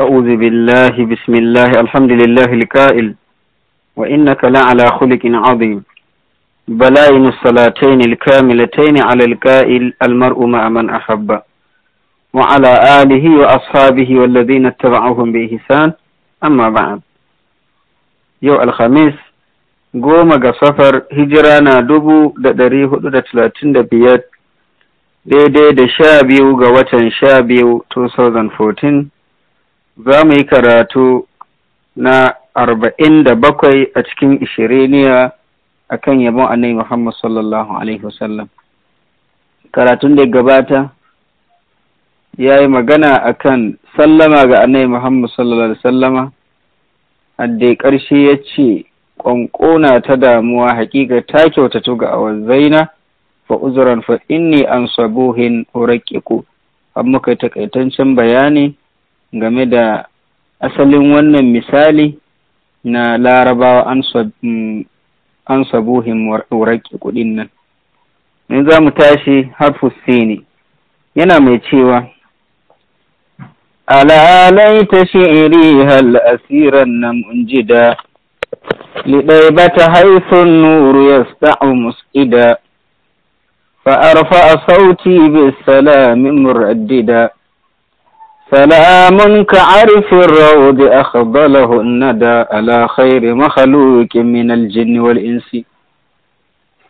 أعوذ بالله بسم الله الحمد لله الكائل وإنك لعلى خلق عظيم بلائن الصلاتين الكاملتين على الكائل المرء مع من أحب وعلى آله وأصحابه والذين اتبعوهم بإحسان أما بعد يو الخميس قوم ga هجرانا دبو دريه دتلاتين دبيات ɗari hudu da شابيو 2014 za mu yi karatu na arba'in da bakwai a cikin ishiriniya a kan yabon annai Muhammad sallallahu Alaihi wasallam. Karatun da gabata ya yi magana a kan sallama ga annai Muhammad sallallahu Alaihi wasallama, hadda ƙarshe ya ce, ƙwanƙona ta damuwa hakika ta kyautatu ga zaina fa uzuran fa inni an sabuhin horakiku, an muka takaitancin bayani game da asalin wannan misali na larabawa an sabuhin mm, wurake kudin nan. In za mu tashi harfu ne, yana mai cewa, Ala laita shi'iri hal asiran nan unjida, liɗai bata haifin nuru ya sta'u mus'ida, fa'arfa a sauti bi salamin muraddida. سلام كعرف الروض أخضله الندى على خير مخلوق من الجن والإنس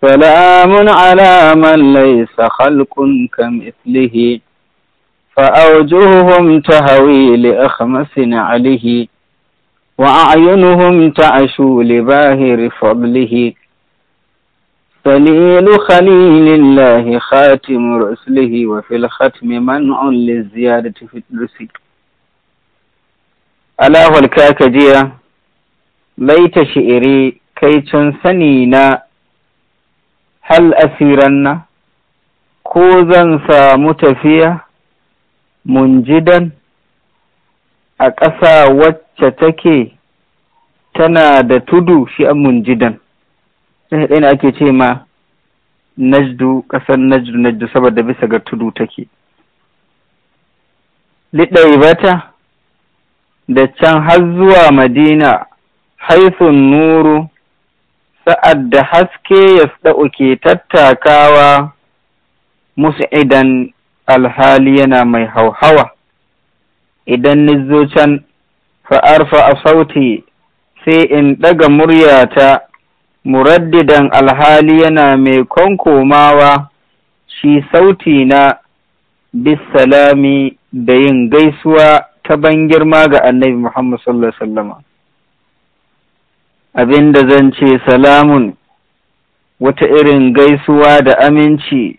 سلام على من ليس خلق كمثله فأوجههم تهوي لأخمس عليه وأعينهم تعشو لباهر فضله سليل خليل الله خاتم رسله وفي الختم منع للزيادة في الدرس ألا والكاكجية ليت شئري كي تنسنينا هل أسيرنا كوزا سامتفيا منجدا أكسا وچتكي تنا دتدو tudu منجدا sai na ake ce ma najdu ƙasar najdu najdu saboda bisa ga tudu take liɗaibata da can har zuwa madina haifin nuru sa'ad da haske ya tsa'u ke tattakawa musu idan alhali yana mai hauhawa idan nizo can fa'arfa a sauti sai in ɗaga muryata muraddidan alhali yana mai konkomawa shi sauti na bisalami da yin gaisuwa ta ban girma ga annabi Muhammad sallallahu Alaihi Abin zan ce salamun wata irin gaisuwa da aminci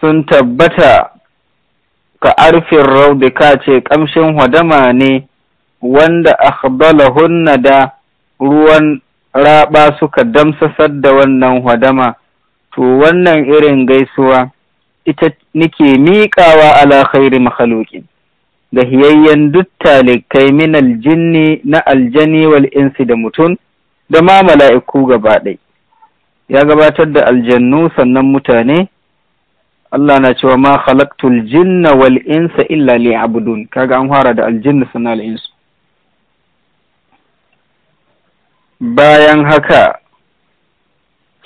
sun tabbata ka arfin raudika ce ƙamshin hadama ne wanda akhbalahunna da ruwan raɓa suka damsasar da wannan hadama to wannan irin gaisuwa ita nike miƙawa ala khairi makhluqin ga hiyayyen duk talikai min aljinni na aljani wal insi da mutum da ma mala'iku gaba ɗai ya gabatar da aljannu sannan mutane Allah na cewa ma khalaqtul jinna wal insa illa liya'budun kaga an fara da aljinnu sannan al insu bayan haka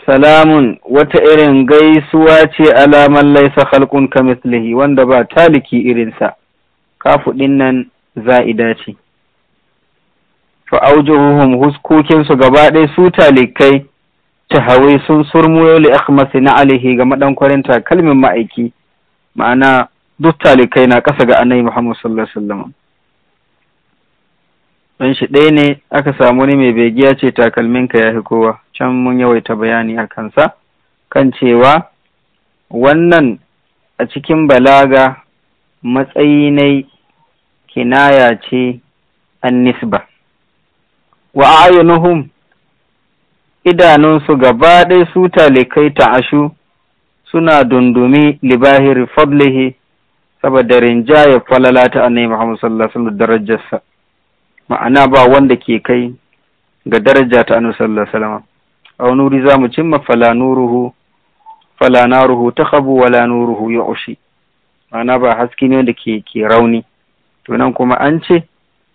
salamun wata irin gaisuwa ce alaman laisa halkun kamislihi wanda ba taliki irinsa kafuɗin nan za'ida ce fa'aujuhuhum su gaba ɗaya su talikai ta hawai sun surmuyo li akhmasi na alihi ga kwarinta takalmin ma'aiki ma'ana duk talikai na ƙasa ga annabi muhammad sallallahu alaihi wasallam don shi ɗaya ne aka samu wani mai begiya ce takalminka ya fi kowa can mun yawaita bayani a kansa kan cewa wannan a cikin balaga matsayi ne kinaya ce an nisba wa ayyunuhum idanunsu gaba ɗaya su talikai ta'ashu suna dundumi libahir fadlihi saboda rinjaye falala ta annabi Muhammad sallallahu alaihi wasallam darajarsa ma'ana ba wanda ke kai ga daraja ta annabi sallallahu alaihi wasallam aw nuri za mu cimma fala nuruhu fala naruhu takhabu wala nuruhu yu'shi ma'ana ba haske ne wanda ke ke rauni to nan kuma an ce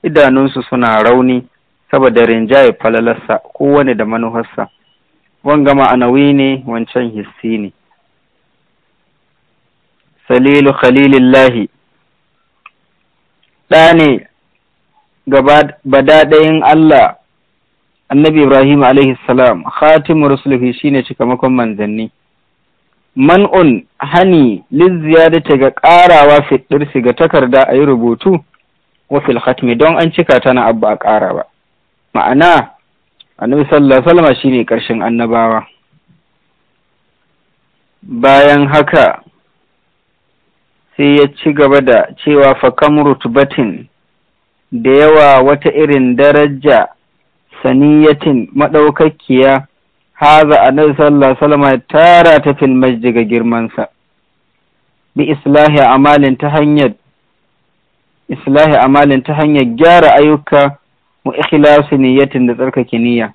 idanunsu suna rauni saboda rinjaye falalarsa kowane da manuharsa wanga ma'anawi ne wancan hissi ne salilu khalilillahi ɗa ne Gaba badaɗayin Allah annabi Ibrahim alaihi salam khatimu rusulihi shine cikamakon manzanni man'un hani ta ga ƙarawa fitirsi ga takarda a yi rubutu wa fil khatmi don an cika ta na abu a ƙara ba ma'ana annabi sallallahu alaihi shine ƙarshen annabawa bayan haka sai ya ci gaba da cewa fakam Rutbatin. da yawa wata irin daraja saniyatin maɗaukakiya haza annabi sallallahu alaihi tara ta fil masjid ga girmansa bi islahi amalin ta hanyar islahi amalin ta hanyar gyara ayyuka mu ikhlasi niyatin da tsarkake niyya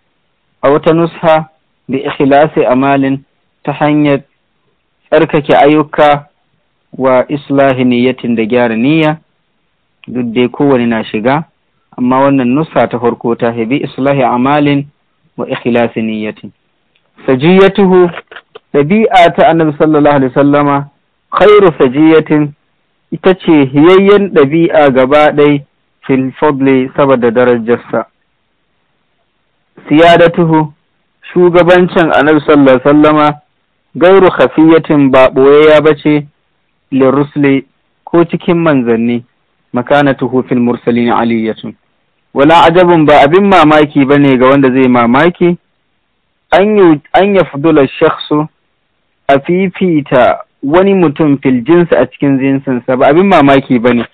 a wata nusha bi ikhlasi amalin ta hanyar tsarkake ayyuka wa islahi niyatin da gyara niyya duk dai kowane na shiga amma wannan nusa ta farko ta hibi islahi amalin wa ikhlasi niyyatin sajiyatuhu ɗabi'a ta annabi sallallahu alaihi wasallama khairu sajiyatin ita ce hiyayyen ɗabi'a gaba ɗai fil fadli saboda darajarsa siyadatuhu shugabancin annabi sallallahu alaihi wasallama gairu khafiyatin ba ɓoyayya ba ce lirusli ko cikin manzanni makanatuhu fil mursalin aliyatun wala ajabun ba abin mamaki bane ga wanda zai mamaki an ya fudula shakhsu a fifita wani mutum fil jinsi a cikin jinsinsa ba abin mamaki bane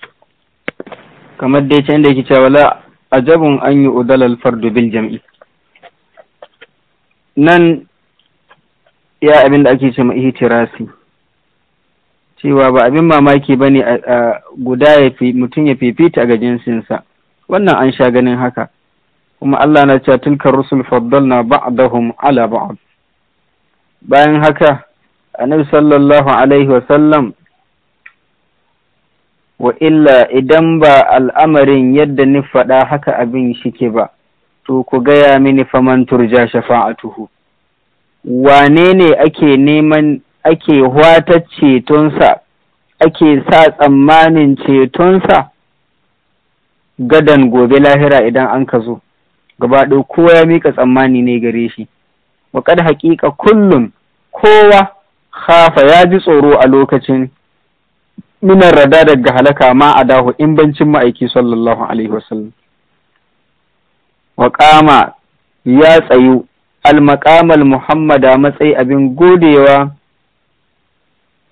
kamar dai can da yake cewa wala ajabun an yi udalal fardu bil jam'i nan ya abin da ake ce ma ihtirasi cewa ba abin mamaki ba ne a guda ya fi mutum ya fifita ga jinsinsa wannan an sha ganin haka kuma Allah na cewa tilka rusul faddalna ba'dahum ala ba'd bayan haka annabi sallallahu alaihi wa sallam wa illa idan ba al'amarin yadda ni faɗa haka abin shike ba to ku gaya mini faman turja shafa'atuhu wane ne ake neman ake hwata cetonsa ake sa tsammanin cetonsa gadan gobe lahira idan an ka zo gaba kowa ya mika tsammani ne gare shi waƙar haƙiƙa kullum kowa hafa ya ji tsoro a lokacin minar rada daga halaka ma a dahu in bancin ma'aiki sallallahu alaihi wasallam waƙama ya tsayu almakamar muhammada matsayi abin godewa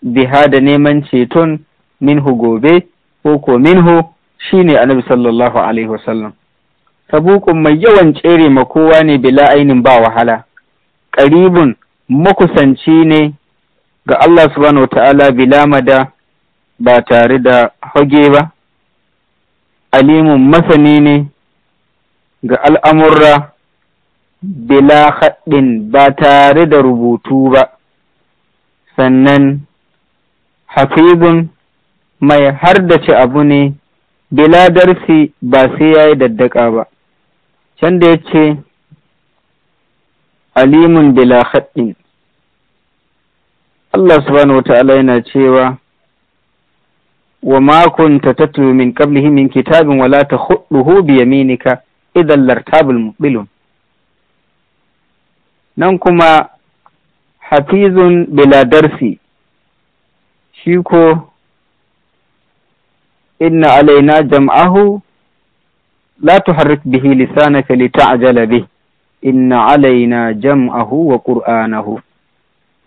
biha da neman ceton minhu gobe ko ko minhu shine annabi sallallahu alaihi wasallam tabukun mai yawan tsere ma kowa ne bila ainin ba wahala ƙaribin makusanci ne ga Allah subhanahu ta'ala bila mada ba tare da hage ba alimun masani ne ga al'amurra bila haɗin ba tare da rubutu ba sannan hafizun mai hardace abu ne bila darsi ba sai ya yi daddaka ba can da ya ce alimun bila haɗin Allah subhanahu wa ta'ala yana cewa wa makon ta tattu min qablihi min kitabin wala ta huɗu, yaminika idan lartabul mubilun nan kuma hafizun bila darsi shi ko inna alaina jam'ahu la tuharrik bihi lisanaka ta'jala bi inna alaina jam'ahu wa qur'anahu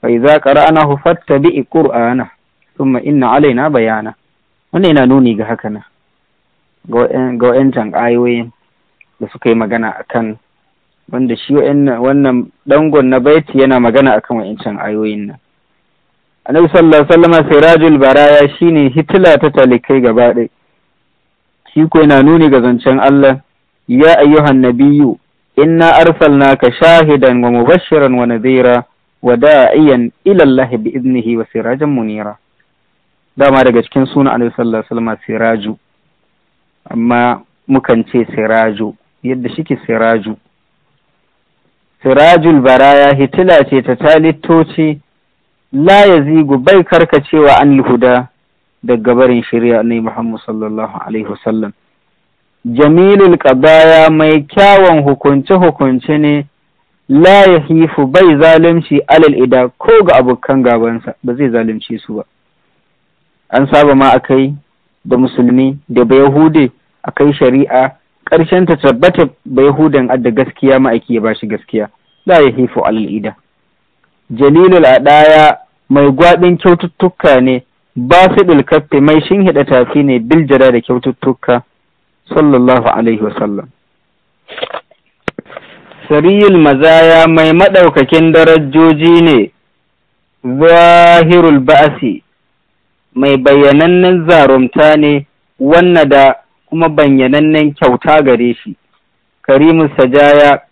fa idza qara'nahu fattabi' qur'ana thumma inna alaina bayana wannan yana nuni ga haka na ga wa'yancan ayoyin da suka yi magana akan wanda shi wannan dangon na baiti yana magana akan wa'yancan ayoyin nan annabi sallallahu alaihi wasallam sirajul baraya shine hitila ta talikai gaba ɗaya shi ko yana nuni ga zancen Allah ya ayyuhan nabiyyu inna arsalnaka shahidan wa mubashiran wa nadhira wa da'iyan ila Allah bi idnihi wa sirajan munira dama daga cikin suna annabi sallallahu alaihi wasallam siraju amma mukan ce siraju yadda shike siraju sirajul baraya hitila ce ta talittoci la yazigu bai karkacewa an huda daga barin shirya ne Muhammad sallallahu alaihi wasallam jamilul qadaya mai kyawun hukunce hukunce ne la hifu bai zalunci alal ida ko ga abokan gabansa ba zai zalimci su ba an saba ma akai da musulmi da ba a kai shari'a ƙarshen ta tabbata ba yahudan adda gaskiya ma'aiki ya bashi gaskiya la hifu alal ida jalilul adaya mai gwaɓin kyaututtuka ne ba su ɗilkaffe mai shinhiɗa tafi ne biljira da kyaututtuka sallallahu alaihi wasallam sariyul mazaya mai maɗaukakin darajoji ne zahirul ba'asi mai bayyanannen zarumta ne wanna da kuma bayyanannen kyauta gare shi karimus sajaya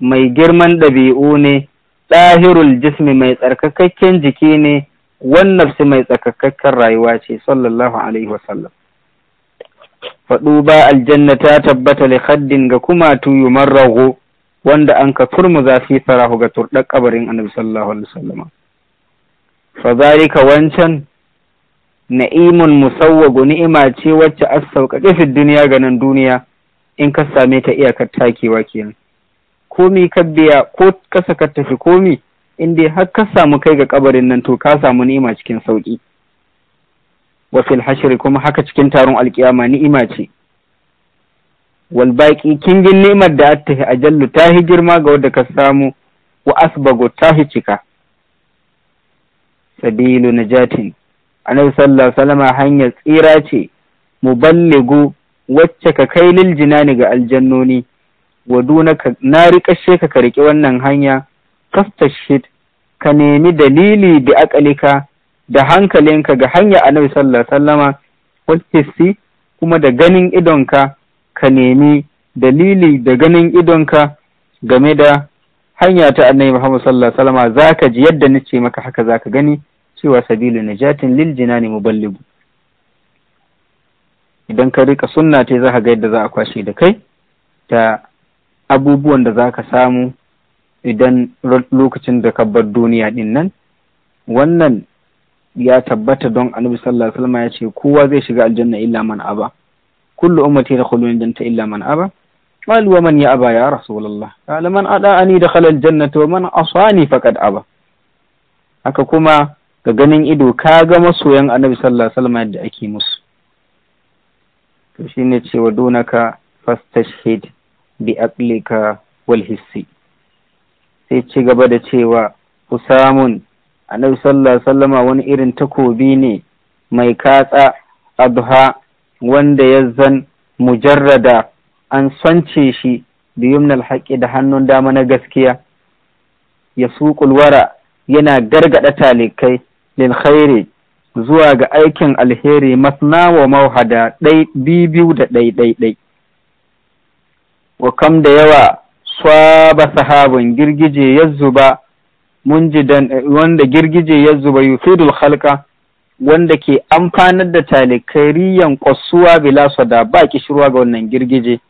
mai girman ɗabi'u ne ɗahirul jismi mai tsarkakakken jiki ne wannafsi mai tsarkakakken rayuwa ce sallallahu alaihi wasallam faɗu ba aljanna ta tabbata li haddin ga kuma tuyu marrago wanda an ka turmu zafi farahu ga turɗar kabarin annabi sallallahu alaihi wasallam fa wancan na'imun musawwagu ni'ima ce wacce a sauƙaƙe fi duniya ga nan duniya in ka same ta iyakar takewa kenan komi ka biya ko kasa ka tafi komi in dai har ka samu kai ga kabarin nan to ka samu ni'ima cikin sauki wa fil kuma haka cikin taron alkiyama ni'ima ce wal baqi kingin ni'mar da attahi ajallu ta hi girma ga wanda ka samu wa asbago tahi cika sabilu najatin annabi sallallahu alaihi wasallam hanyar tsira ce mu muballigu wacce ka kai lil jinani ga aljannoni wadunaka na riƙashe ka ka riƙi wannan hanya shit! ka nemi dalili bi aƙalika da hankalinka ga hanya annabi sallallahu alaihi wasallama kuma da ganin idonka ka nemi dalili da ganin idonka game da hanya ta annabi Muhammad sallallahu alaihi wasallama zaka ji yadda nace maka haka zaka gani cewa sabilu najatin lil jinani muballigu idan ka rika sunna ta za ka ga yadda za a kwashe da kai ta abubuwan da za ka samu idan lokacin da ka bar duniya din nan wannan ya tabbata don annabi sallallahu alaihi wasallam ya ce kowa zai shiga aljanna illa man aba kullu ummati yadkhuluna aljannata illa man aba قالوا ومن يأبى يا رسول الله قال من أداءني دخل الجنة ومن أصاني فقد aba haka kuma ga ganin ido ka ga masoyan annabi sallallahu alaihi wasallam yadda ake musu to shine cewa donaka fastashhid bi aqlika wal hissi sai ci gaba da cewa husamun annabi sallallahu sallama wani irin takobi ne mai katsa adha wanda ya zan mujarrada an sance shi yumnal haƙƙi da hannun dama na gaskiya ya wara yana gargaɗa talikai lil khairi zuwa ga aikin alheri masna wa mauhada ɗai biyu da ɗai ɗai ɗai wa kam da yawa swaba sahabun girgije ya zuba munjidan wanda girgije ya zuba yufidul halka wanda ke amfanar da talikariyan kwasuwa bila da ba kishirwa ga wannan girgije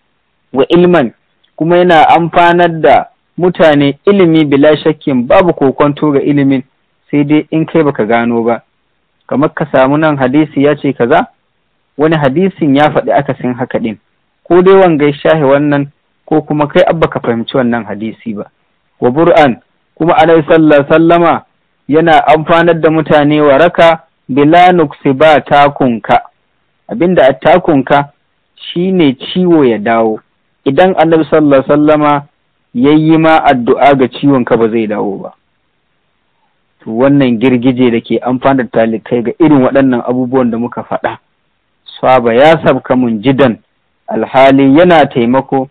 wa ilman kuma yana amfanar da mutane ilimi bila shakkin babu kokonto ga ilimin sai dai in kai baka gano ba kamar ka samu nan hadisi ya ce kaza wani hadisin ya faɗi akasin haka ɗin ko dai wangai shahi wannan ko kuma kai abba ka fahimci wannan hadisi ba wa bur'an kuma alaihi sallallahu sallama yana amfanar da mutane waraka bila nuksi ba takunka abinda a takunka shine ciwo ya dawo idan annabi sallallahu sallama ya yi ma addu'a ga ciwon ka ba zai dawo ba to wannan girgije da ke amfanar talikai ga irin waɗannan abubuwan da muka faɗa saba ya sabka mun jidan alhali yana taimako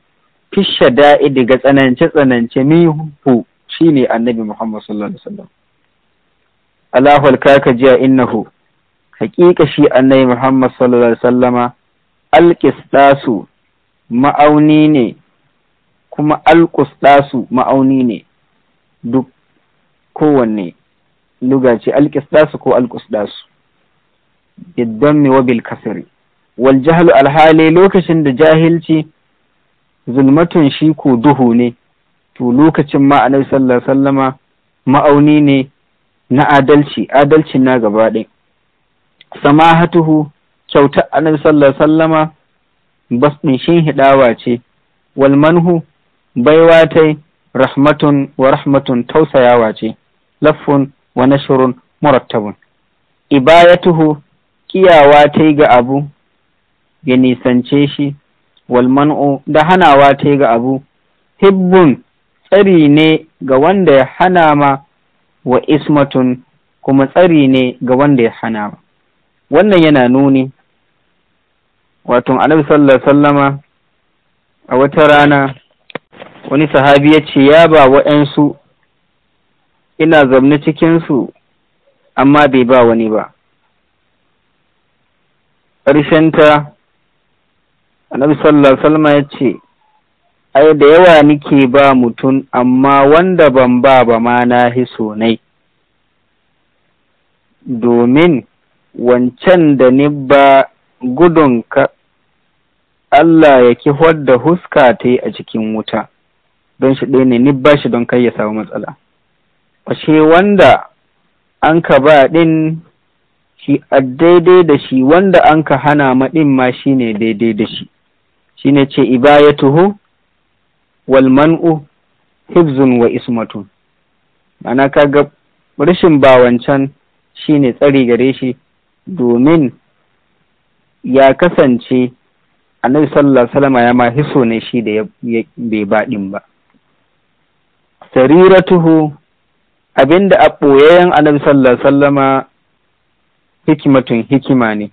fisha da'idi ga tsanance-tsanance mihu shi ne annabi Muhammad sallallahu Alaihi wasallam. Alahul kaka jiya innahu, hakika shi annabi Muhammad sallallahu Alaihi wasallama alƙistasu ma'auni ne, kuma alƙusɗasu ma'auni ne duk kowanne lugaci, alƙistasu ko alƙusɗasu. Biddan mi wabil kasiri. Wal jahalu alhali lokacin da jahilci zulmatun shi ko duhu ne to lokacin ma annabi sallallahu ma'auni ne na adalci Adalci na gaba ɗaya samahatuhu kyauta annabi sallallahu sallama bas shin hidawa ce walmanhu baiwa tai rahmatun wa rahmatun tausayawa ce laffun wa nashrun murattabun ibayatuhu kiyawa yi ga abu ya nisance shi wal man'u da hanawa ta ga abu hibbun tsari ne ga wanda ya hana ma wa ismatun kuma tsari ne ga wanda ya hana ma wannan yana nuni wato annabi sallallahu sallama a wata rana wani sahabi ya ce ya ba wa'yansu ina cikin cikinsu amma bai ba wani ba ƙarshenta annabi sallallahu salma ya ce ai da yawa nike ba mutum amma wanda ban ba ba ma na hiso nai domin wancan da ni ba gudun Allah ya ki da huska ta a cikin wuta don shi ɗaya ne ni ba shi don kai ya samu matsala ashe wanda an ka ba ɗin shi a daidai da shi wanda an ka hana maɗin ma shi ne daidai da shi shine ce ibayatuhu wal man'u hibzun wa ismatun ma'ana kaga rashin bawancan shine tsari gare shi domin ya kasance annabi sallallahu salama ya ma hiso ne shi da bai baɗin ba sariratuhu abinda a ɓoyayyen annabi sallallahu sallama hikimatun hikima ne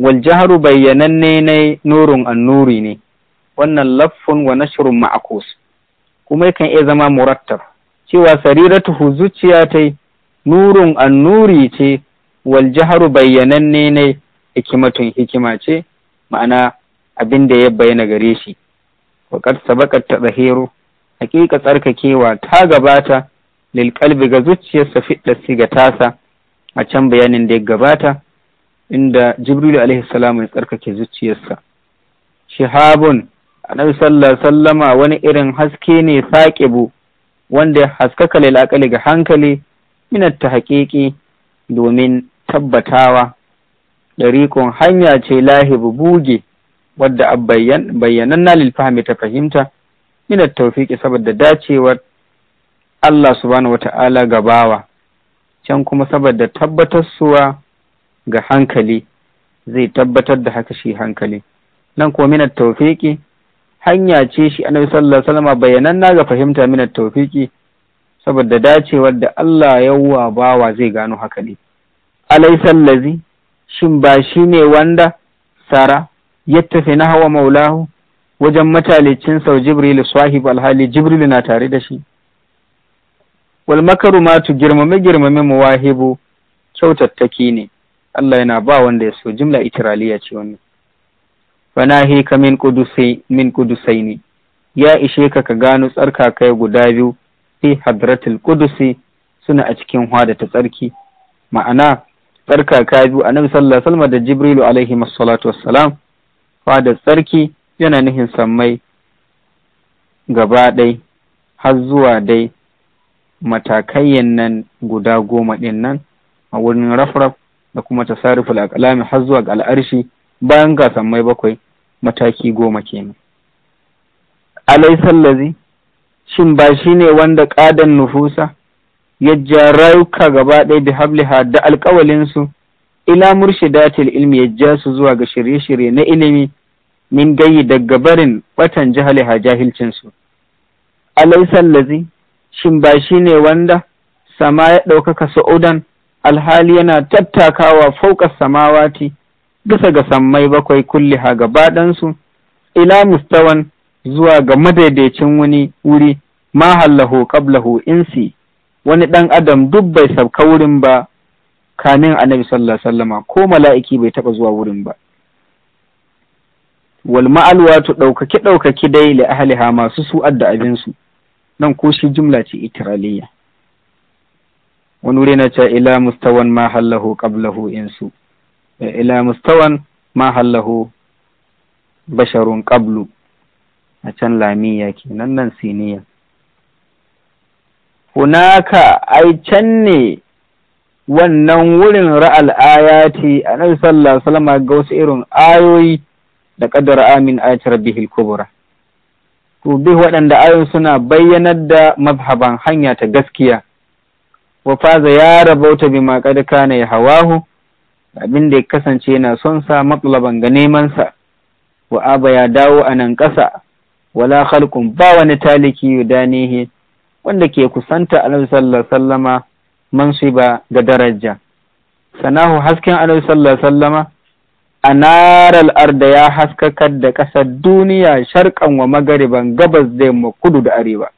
wal jahru bayyananne ne nurun annuri ne wannan laffun wa nashrun ma'akus kuma yakan iya zama murattab cewa sariratu zuciya ta nurun annuri ce wal jahru bayyananne ne hikimatun hikima ce ma'ana abin da ya bayyana gare shi waƙar sabakar ta zahiru hakika tsarkakewa ta gabata lilƙalbi ga zuciyarsa fiɗa siga tasa a can bayanin da ya gabata inda jibril alaihi salam ya tsarkake zuciyarsa shihabun annabi sallallahu sallama wani irin haske ne saƙibu wanda haskaka lilakali ga hankali ina ta haƙiƙi domin tabbatawa ɗarikon hanya ce lahibu buge wadda bayyanan na fahmi ta fahimta ina taufiki saboda dacewar Allah subhanahu wata'ala gabawa can kuma saboda tabbatar tabbatarsuwa ga hankali zai tabbatar da haka shi hankali nan ko minat tawfiqi hanya ce shi annabi sallallahu alaihi wasallam bayananna ga fahimta minat tawfiqi saboda dacewar da Allah yawwa bawa zai gano haka ne alaisan shin ba shi ne wanda sara ya tafi na hawa maulahu wajen matalicin sau jibril sahib alhali jibril na tare da shi wal makaru matu girmame girmame muwahibu kyautattaki ne Allah yana ba wanda ya so jimla itiraliya ce wannan he ka min kudusai min ya ishe ka ka gano tsarka kai guda biyu fi hadratul kudusi suna a cikin hwada ta tsarki ma'ana tsarka ka biyu a sallallahu sallah Salma da jibrilu alaihi masalatu wassalam hwada tsarki yana nihin sammai gaba ɗai har zuwa dai matakayen nan guda goma ɗin a wurin rafraf da kuma tasarruful aqlami har zuwa ga al'arshi bayan ga mai bakwai mataki goma kenan alai lazi shin ba shi ne wanda ƙadan nufusa ya ja rayuka gaba ɗaya da habliha da alƙawalinsu ila murshidatil ilmi ya ja su zuwa ga shirye-shirye na ilimi min gayi daga barin batan jahaliha jahilcinsu alai lazi shin ba shi ne wanda sama ya ɗaukaka sa'udan alhali yana tattakawa fauka samawati bisa ga sammai bakwai kulli kulliha gabaɗansu ila mustawan zuwa ga madaidaicin wani wuri ma hallahu qablahu insi wani ɗan adam duk bai sauka wurin ba kanin annabi sallallahu alaihi ko mala'iki bai taɓa zuwa wurin ba wal wato ɗaukaki ɗaukaki dai li ahliha masu su'ad da abinsu nan ko shi jumla ce itiraliya wani wuri na cewa ila mustawan ma hallahu qablahu insu eh, ila mustawan ma hallahu basharun qablu a can lamiya kenan nan siniya hunaka ai can ne wannan wurin ra'al ayati a nan sallah salama ga wasu irin ayoyi da qadar amin ayatar bihil kubra to bi waɗanda ayoyin suna bayyanar da mazhaban hanya ta gaskiya wa faza ya rabauta bi ma kana ya hawahu abin da ya kasance yana son sa matsalaban ga neman sa wa aba ya dawo a nan ƙasa wala khalqun ba wani taliki yudanihi wanda ke kusanta alaihi sallallahu alaihi wasallama ba ga daraja sanahu hasken alaihi sallallahu alaihi wasallama anaral arda ya haskakar da ƙasar duniya sharƙan wa magariban gabas da yamma kudu da arewa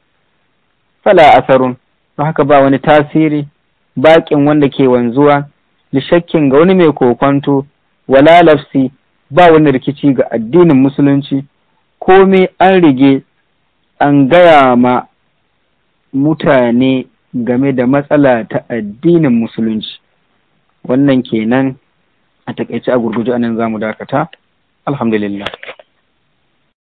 fala asarun don haka ba wani tasiri baƙin wanda ke wanzuwa shakkin ga wani mai kokonto walalafsi, ba wani rikici ga addinin musulunci komai an rige an gaya ma mutane game da matsala ta addinin musulunci wannan kenan a takaice a gurguje anan zamu dakata alhamdulillah